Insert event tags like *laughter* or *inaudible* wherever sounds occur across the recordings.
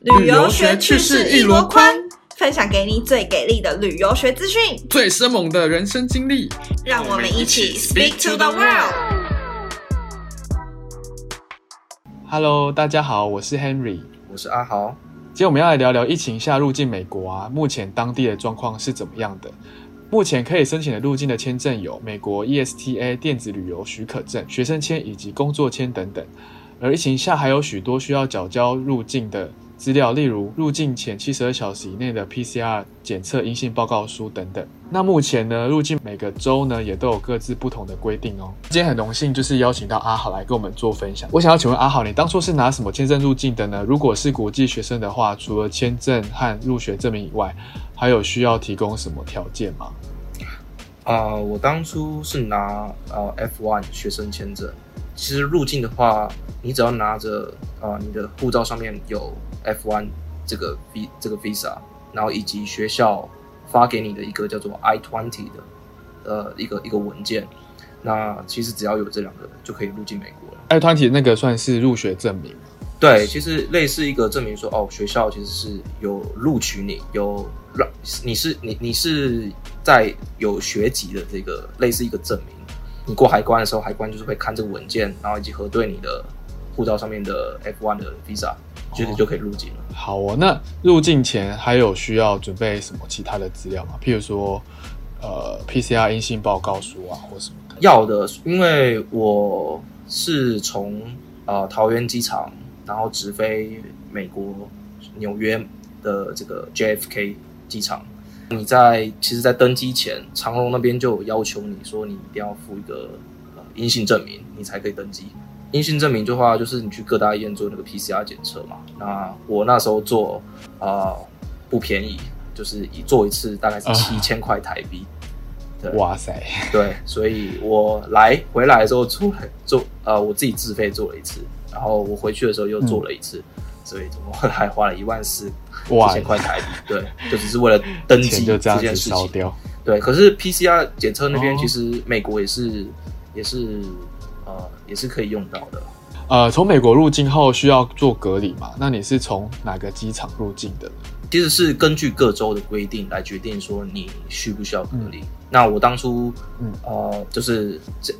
旅遊學趣事一籮筐，分享給你最給力的旅遊學資訊，最生猛的人生經歷。讓我們一起 speak to the world。Hello，大家好，我是 Henry，我是阿豪。今天我們要來聊聊疫情下入境美國啊，目前當地的狀況是怎麼樣的？目前可以申請的入境的簽證有美國 ESTA 電子旅遊許可證、學生簽以及工作簽等等。而疫情下還有許多需要繳交入境的資料，例如入境前七十二小時以內的 PCR 檢測陰性報告書等等。那目前呢，入境每個州呢也都有各自不同的規定哦。今天很榮幸就是邀請到阿豪來跟我們做分享。我想要請問阿豪，你當初是拿什麼簽證入境的呢？如果是國際學生的話，除了簽證和入學證明以外，還有需要提供什麼條件嗎？啊、呃，我當初是拿呃 F1 學生簽證。其實入境的話，你只要拿着啊、呃，你的護照上面有 F1 這個 V 這個 Visa，然後以及學校發給你的一個叫做 I20 的呃一個一個文件，那其實只要有這兩個就可以入境美國了。I20 那個算是入學證明？對，其實類似一個證明說，說哦，學校其實是有錄取你，有讓你是你你是在有學籍的這個類似一個證明。你過海關的時候，海關就是會看這個文件，然後以及核對你的護照上面的 F1 的 visa，哦、就、就可以入境了。好哦，那入境前還有需要準備什麼其他的資料嗎？譬如說，呃，PCR 陰性報告書啊，或什麼的。要的，因為我是從啊、呃、桃園機場，然後直飛美國紐約的這個 JFK 機場。你在其實，在登機前，長龍那邊就有要求你說，你一定要付一個呃陰性證明，你才可以登機。陰性證明的話，就是你去各大醫院做那個 PCR 檢測嘛。那我那時候做，啊、呃，不便宜，就是一做一次大概是七千塊台幣、Oh.。哇塞，對，所以我來回來的時候來做，做，呃，我自己自費做了一次，然後我回去的時候又做了一次。嗯所以，總共還花了一萬四四千塊台幣，wow. 對，就只是為了登機這件事情。對，可是 PCR 檢測那邊其實美國也是、oh. 也是呃也是可以用到的。呃，從美國入境後需要做隔離嗎？那你是從哪個機場入境的？其實是根據各州的規定來決定說你需不需要隔離，嗯。那我當初、嗯、呃就是這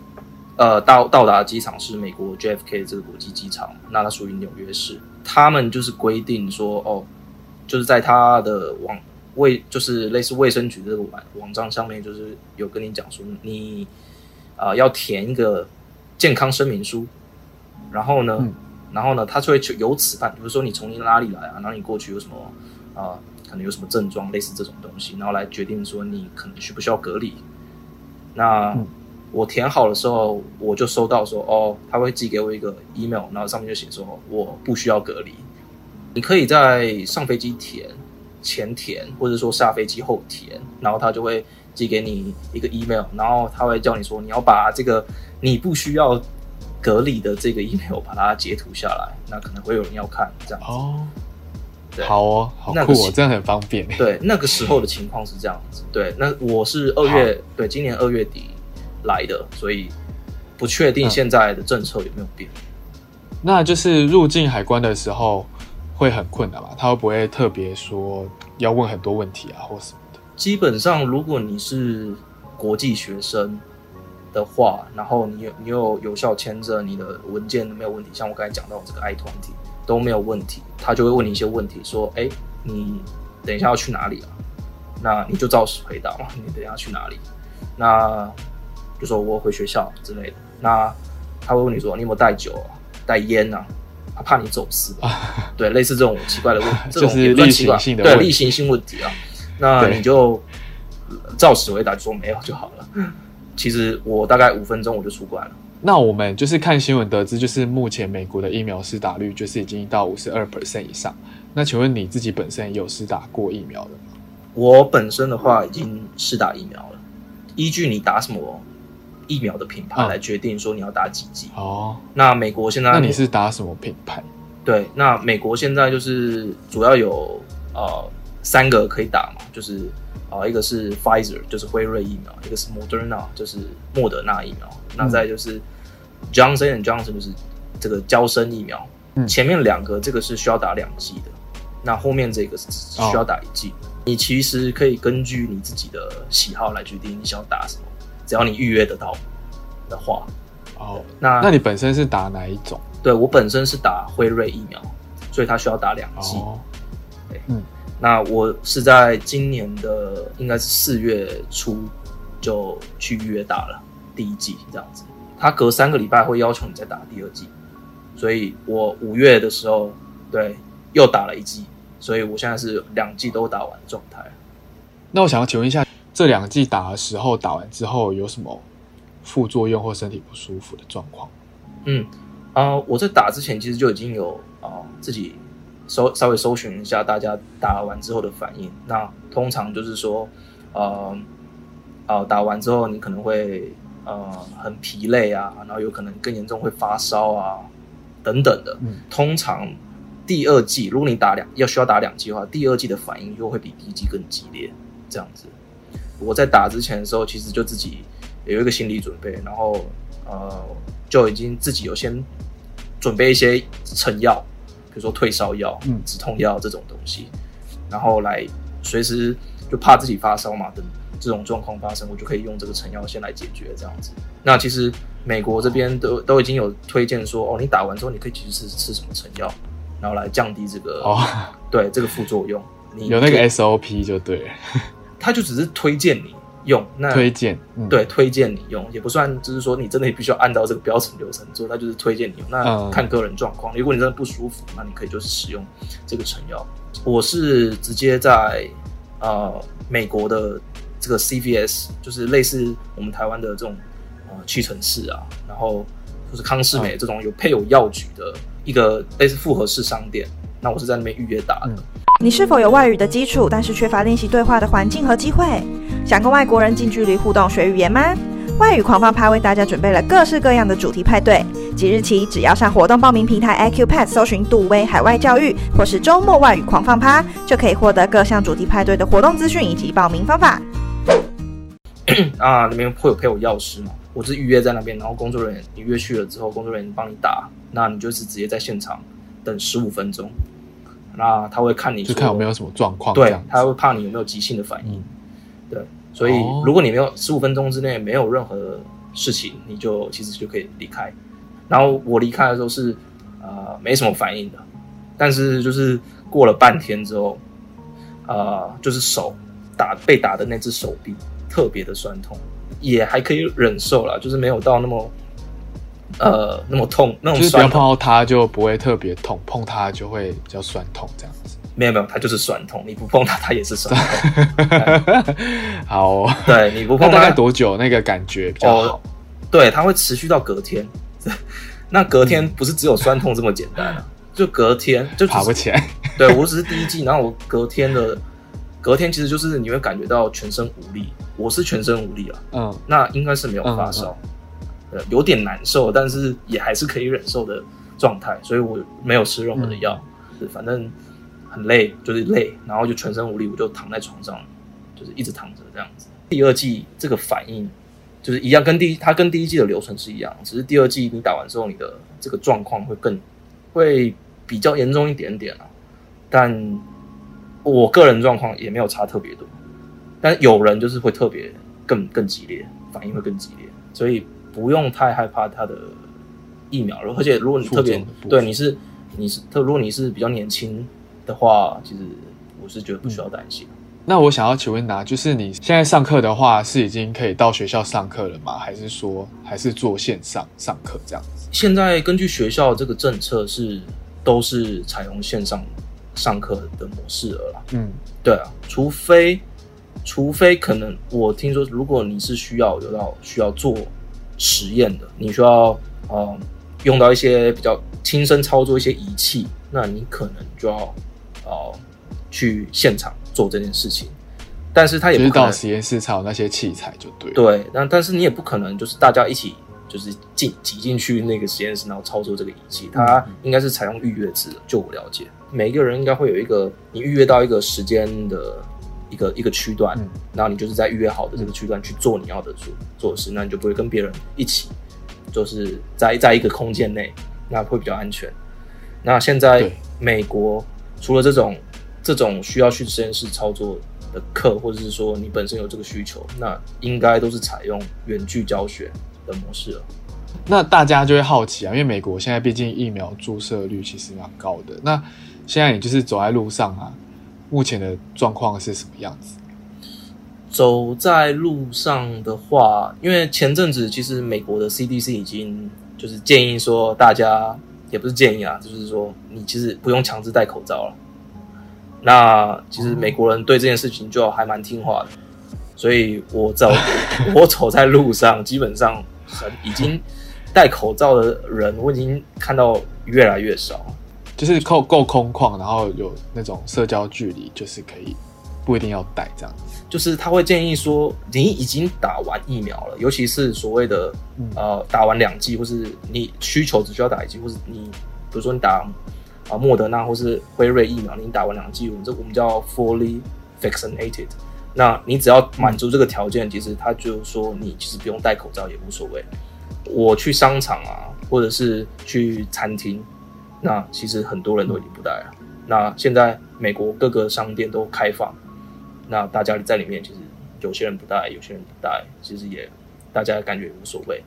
呃到到達機場是美國 JFK 這個國際機場，那它屬於紐約市。他們就是規定說，哦，就是在他的網衛，就是類似衛生局這個網網站上面，就是有跟你講說，你，啊、呃、要填一個健康聲明書，然後呢，嗯、然後呢，他就會由此辦，比如說你從你哪裡來啊，那你過去有什麼啊、呃，可能有什麼症狀，類似這種東西，然後來決定說你可能需不需要隔離，那。嗯我填好的時候，我就收到說哦，他會寄給我一個 email，然後上面就寫說我不需要隔離，你可以在上飛機填，前填，或者說下飛機後填，然後他就會寄給你一個 email，然後他會叫你說你要把這個你不需要隔離的這個 email 把它截圖下來，那可能會有人要看這樣子。哦對，好哦，好酷哦，哦那個。這樣很方便。對，那個時候的情況是這樣子，對，那我是二月，對，今年二月底。來的，所以不確定現在的政策有沒有變、嗯。那就是入境海關的時候會很困難嘛？他會不會特別說要問很多問題啊，或什麼的？基本上，如果你是國際學生的話，然後你你有，你有有效簽證，你的文件沒有問題，像我剛才講到我這個 I-20 都沒有問題，他就會問你一些問題，說：“哎、欸，你等一下要去哪裡啊？”那你就照實回答。你等一下去哪裡？那就說我回學校之類的，那他會問你說你有沒有帶酒、啊、帶煙啊？怕你走私， *laughs* 對，類似這種奇怪的，這種奇怪、就是、的問題，就是例行性的，對例行性問題啊。那你就照此回答，就說沒有就好了。 *laughs* 其實我大概五分鐘我就出關了。那我們就是看新聞得知，就是目前美國的疫苗試打率就是已經到五十二 percent 以上。那請問你自己本身有試打過疫苗了嗎？我本身的話已經試打疫苗了，依據你打什麼，疫苗的品牌來決定，說你要打幾劑。哦，那美國現在，那你是打什麼品牌？對，那美國現在就是主要有、呃、三個可以打嘛，就是、呃、一個是 Pfizer，就是輝瑞疫苗；一個是 Moderna，就是莫德納疫苗。嗯、那再就是 Johnson and Johnson，就是這個嬌生疫苗。嗯、前面兩個這個是需要打兩劑的，那後面這個是需要打一劑、哦。你其實可以根據你自己的喜好來決定，你想要打什麼。只要你預約得到的話，哦、oh,，那那你本身是打哪一種？對我本身是打輝瑞疫苗，所以他需要打兩劑。Oh. 對，嗯，那我是在今年的應該是四月初就去預約打了第一劑，這樣子，他隔三個禮拜會要求你再打第二劑，所以我五月的時候對又打了一劑，所以我現在是兩劑都打完的狀態。那我想要請問一下。這兩劑打的時候，打完之後有什麼副作用或身體不舒服的狀況？嗯，啊、呃，我在打之前其實就已經有啊、呃、自己搜稍微搜尋一下大家打完之後的反應。那通常就是說，呃，啊、呃，打完之後你可能會呃很疲累啊，然後有可能更嚴重會發燒啊等等的、嗯。通常第二劑如果你打兩要需要打兩劑的話，第二劑的反應又會比第一劑更激烈，這樣子。我在打之前的時候，其實就自己有一個心理準備，然後呃，就已經自己有先準備一些成藥，比如說退燒藥、嗯、止痛藥這種東西，然後來隨時就怕自己發燒嘛，等這種狀況發生，我就可以用這個成藥先來解決這樣子。那其實美國這邊都都已經有推薦說，哦，你打完之後你可以其實吃，吃什麼成藥，然後來降低這個哦，對這個副作用你。有那個 SOP 就對。他就只是推薦你用，那推薦、嗯，對，推薦你用也不算，就是說你真的必須要按照這個標準流程做，他就是推薦你用。那看個人狀況、嗯，如果你真的不舒服，那你可以就是使用這個成藥。我是直接在啊、呃、美國的這個 CVS，就是類似我們台灣的這種呃屈臣氏啊，然後就是康是美這種有配有藥局的一個類似複合式商店，那我是在那邊預約打的。嗯你是否有外語的基礎，但是缺乏練習對話的環境和機會？想跟外國人近距離互動學語言嗎？外語狂放趴為大家準備了各式各樣的主題派對。即日起，只要上活動報名平台 iQ Pad 搜尋“杜威海外教育”或是“周末外語狂放趴”，就可以獲得各項主題派對的活動資訊以及報名方法。那那邊會有配有鑰匙嗎？我是預約在那邊，然後工作人員你約去了之後，工作人員幫你打，那你就是直接在現場等十五分鐘。那他會看你就看有沒有什麼狀況，對，他會怕你有沒有急性的反應。嗯，對，所以如果你沒有十五分鐘之內沒有任何事情，你就其實就可以離開。然後我離開的時候是呃沒什麼反應的，但是就是過了半天之後，呃，就是手打被打的那隻手臂特別的酸痛，也還可以忍受了，就是沒有到那麼。呃，那麼痛，那種酸、就是、不要碰到它，就不會特別痛，碰它就會比較酸痛這樣子。沒有沒有，它就是酸痛，你不碰它，它也是酸痛。Okay. 好，哦，對你不碰大概多久？那個感覺比較好哦，對，它會持續到隔天。 *laughs* 那隔天不是只有酸痛這麼簡單啊？就隔天就爬不起來。對，我只是第一劑，然後我隔天的隔天其實就是你會感覺到全身無力。我是全身無力啊，嗯，那應該是沒有發燒。嗯嗯呃，有點難受，但是也還是可以忍受的狀態，所以我沒有吃任何的藥，嗯是，反正很累，就是累，然後就全身無力，我就躺在床上，就是一直躺着這樣子。第二劑這個反應就是一樣，跟第一它跟第一劑的流程是一樣，只是第二劑你打完之後，你的這個狀況會更會比較嚴重一點點啊。但我個人狀況也沒有差特別多，但有人就是會特別更更激烈，反應會更激烈，所以。不用太害怕它的疫苗了，而且如果你特別對你是你是特如果你是比較年輕的話，其實我是覺得不需要擔心。嗯，那我想要請問拿啊，就是你現在上課的話是已經可以到學校上課了嗎？還是說還是做線上上課這樣子？現在根據學校這個政策是都是採用線上上課的模式了，嗯，對啊，除非除非可能我聽說如果你是需要有到需要做。實驗的你需要、呃、用到一些比較親身操作一些儀器，那你可能就要、呃、去現場做這件事情。但是他也不可能知道實驗室才有那些器材就對。對，但但是你也不可能就是大家一起就是進擠進去那個實驗室然後操作這個儀器，它應該是採用預約制的。就我了解，每一個人應該會有一個你預約到一個時間的。一個一個區段、嗯，然後你就是在預約好的這個區段去做你要的做、嗯、做事，那你就不會跟別人一起，就是在在一個空間內，那會比較安全。那現在美國除了這種這種需要去實驗室操作的課，或者是說你本身有這個需求，那應該都是採用遠距教學的模式了。那大家就會好奇啊，因為美國現在畢竟疫苗注射率其實蠻高的，那現在你就是走在路上啊。目前的狀況是什麼樣子？走在路上的話，因為前陣子其實美國的 CDC 已經就是建議說大家也不是建議啊，就是說你其實不用強制戴口罩了。那其實美國人對這件事情就還蠻聽話的，嗯，所以我走我走在路上， *laughs* 基本上很已經戴口罩的人，我已經看到越來越少。就是夠夠空曠，然後有那種社交距離，就是可以不一定要戴，這樣就是他會建議說，你已經打完疫苗了，尤其是所謂的、嗯、呃打完兩劑，或是你需求只需要打一劑，或是你比如說你打啊、呃、莫德納或是輝瑞疫苗，你打完兩劑，我們這我們叫 fully vaccinated。那你只要滿足這個條件、嗯，其實他就說你其實不用戴口罩也無所謂。我去商場啊，或者是去餐廳。那其實很多人都已經不戴了、嗯。那現在美國各個商店都開放，那大家在裡面其實有些人不戴，有些人不戴，其實也大家感覺也無所謂。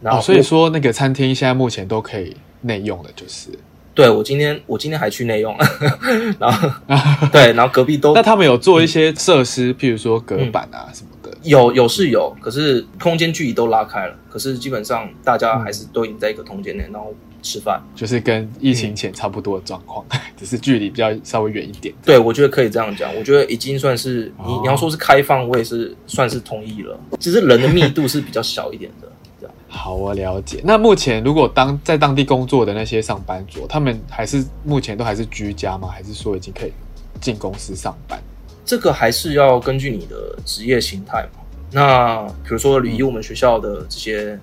然後、哦，所以說那個餐廳現在目前都可以內用的，就是對，我今天，我今天還去內用， *laughs* 然後 *laughs* 對，然後隔壁都 *laughs* 那他們有做一些設施、嗯，譬如說隔板啊什麼的，嗯、有有是有，嗯、可是空間距離都拉開了，可是基本上大家還是都已經在一個空間內、嗯，然後。吃飯就是跟疫情前差不多的狀況、嗯，只是距離比較稍微遠一點。對，我覺得可以這樣講。我覺得已經算是你、哦、你要說是開放，我也是算是同意了。只是人的密度是比較小一點的。 *laughs* 好，我了解。那目前如果當在當地工作的那些上班族，他們還是目前都還是居家嗎？還是說已經可以進公司上班？這個還是要根據你的職業形態嘛。那比如說，離我們學校的這些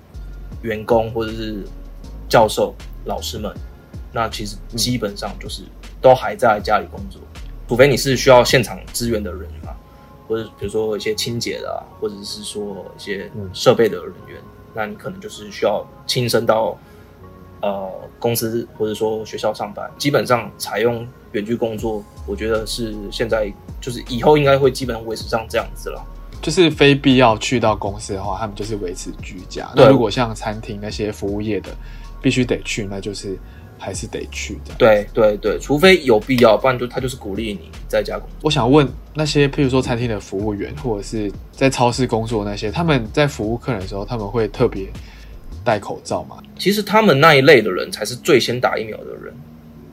員工、嗯、或者是教授，老師們，那其實基本上就是都還在家裡工作，除非你是需要現場支援的人嘛、啊，或者比如說一些清潔的啊，或者是說一些設備的人員、嗯，那你可能就是需要親身到呃公司或者說學校上班。基本上採用遠距工作，我覺得是現在就是以後應該會基本維持上這樣子了。就是非必要去到公司的話，他們就是維持居家，對。那如果像餐廳那些服務業的。必須得去，那就是還是得去的。對對對，除非有必要，不然就他就是鼓勵你在家工作。我想問那些，譬如說餐廳的服務員，或者是在超市工作的那些，他們在服務客人的時候，他們會特別戴口罩嗎？其實他們那一類的人才是最先打疫苗的人，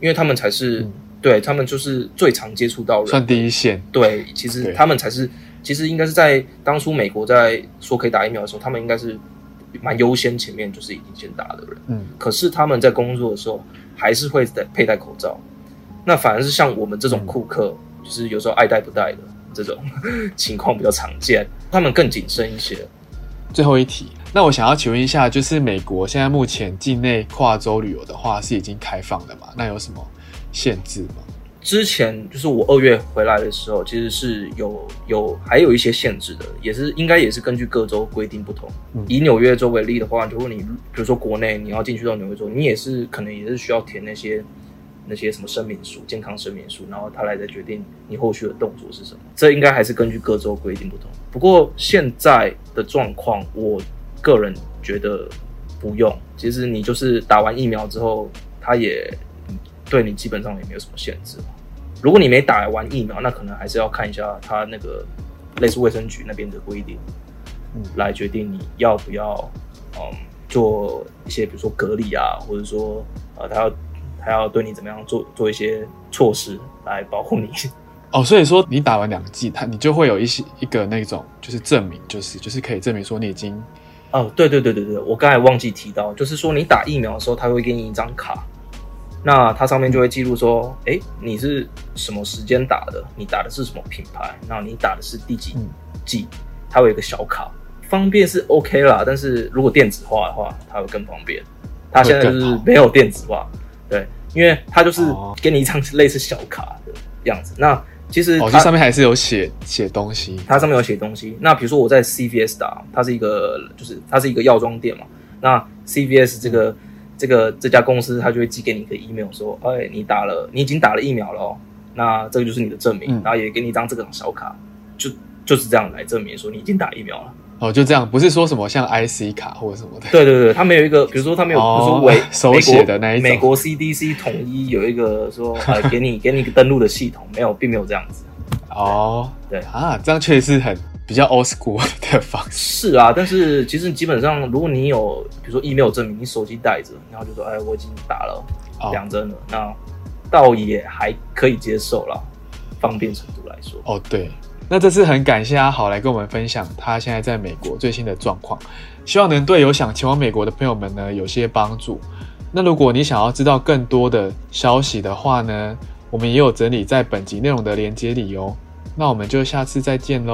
因為他們才是、嗯、對他們就是最常接觸到人的，算第一線。對，其實他們才是，其實應該是在當初美國在說可以打疫苗的時候，他們應該是。蠻優先，前面就是已經先打的人，嗯，可是他們在工作的時候，還是會戴佩戴口罩，那反而是像我們這種顧客，嗯，就是有時候愛戴不戴的這種情況比較常見，他們更謹慎一些。最後一題，那我想要請問一下，就是美國現在目前境內跨州旅遊的話是已經開放了嗎？那有什麼限制嗎？之前就是我二月回來的時候，其實是有有還有一些限制的，也是應該也是根據各州規定不同。嗯。以紐約州為例的話，如果你比如說，國內你要進去到紐約州，你也是可能也是需要填那些那些什麼聲明書、健康聲明書，然後他來再決定你後續的動作是什麼。這應該還是根據各州規定不同。不過現在的狀況，我個人覺得不用。其實你就是打完疫苗之後，他也對你基本上也沒有什麼限制。如果你沒打完疫苗，那可能還是要看一下他那個類似衛生局那邊的規定，嗯，來決定你要不要，嗯，做一些比如說隔離啊，或者說，呃，他要他要對你怎麼樣做做一些措施來保護你。哦，所以說你打完兩劑，他你就會有一些一個那種就是證明，就是就是可以證明說你已經，哦，對對對對對，我剛才忘記提到，就是說你打疫苗的時候，他會給你一張卡。那它上面就會記錄說，哎、嗯欸，你是什麼時間打的？你打的是什麼品牌？那你打的是第幾劑？嗯？它有一個小卡，方便是 OK 啦。但是如果電子化的話，它會更方便。它現在就是沒有電子化，對，因為它就是給你一張類似小卡的樣子。啊、那其實它哦，這上面還是有寫寫東西，它上面有寫東西。那比如說我在 CVS 打，它是一個就是它是一個藥妝店嘛。那 CVS 這個。嗯這個這家公司他就會寄給你一個 email 說，哎，你打了，你已經打了疫苗了，那這個就是你的證明，嗯、然後也給你一張這個小卡，就就是這樣來證明說你已經打疫苗了。哦，就這樣，不是說什麼像 IC 卡或者什麼的。對對對，他沒有一個，比如說他沒有，不、哦就是為手寫的那一，美國 CDC 統一有一個說，呃、哎，給你給你個登錄的系統，沒有，並沒有這樣子。哦，對，對啊，這樣確實是很。比較 old school 的方式是啊，但是其實基本上，如果你有比如說 email 證明，你手機帶着，然後就說：“哎，我已經打了兩針了。”那倒也還可以接受啦。方便程度來說。哦、oh，對，那這次很感謝阿豪來跟我們分享他現在在美國最新的狀況，希望能對有想前往美國的朋友們呢有些幫助。那如果你想要知道更多的消息的話呢，我們也有整理在本集內容的連結裡哦。那我們就下次再見嘍。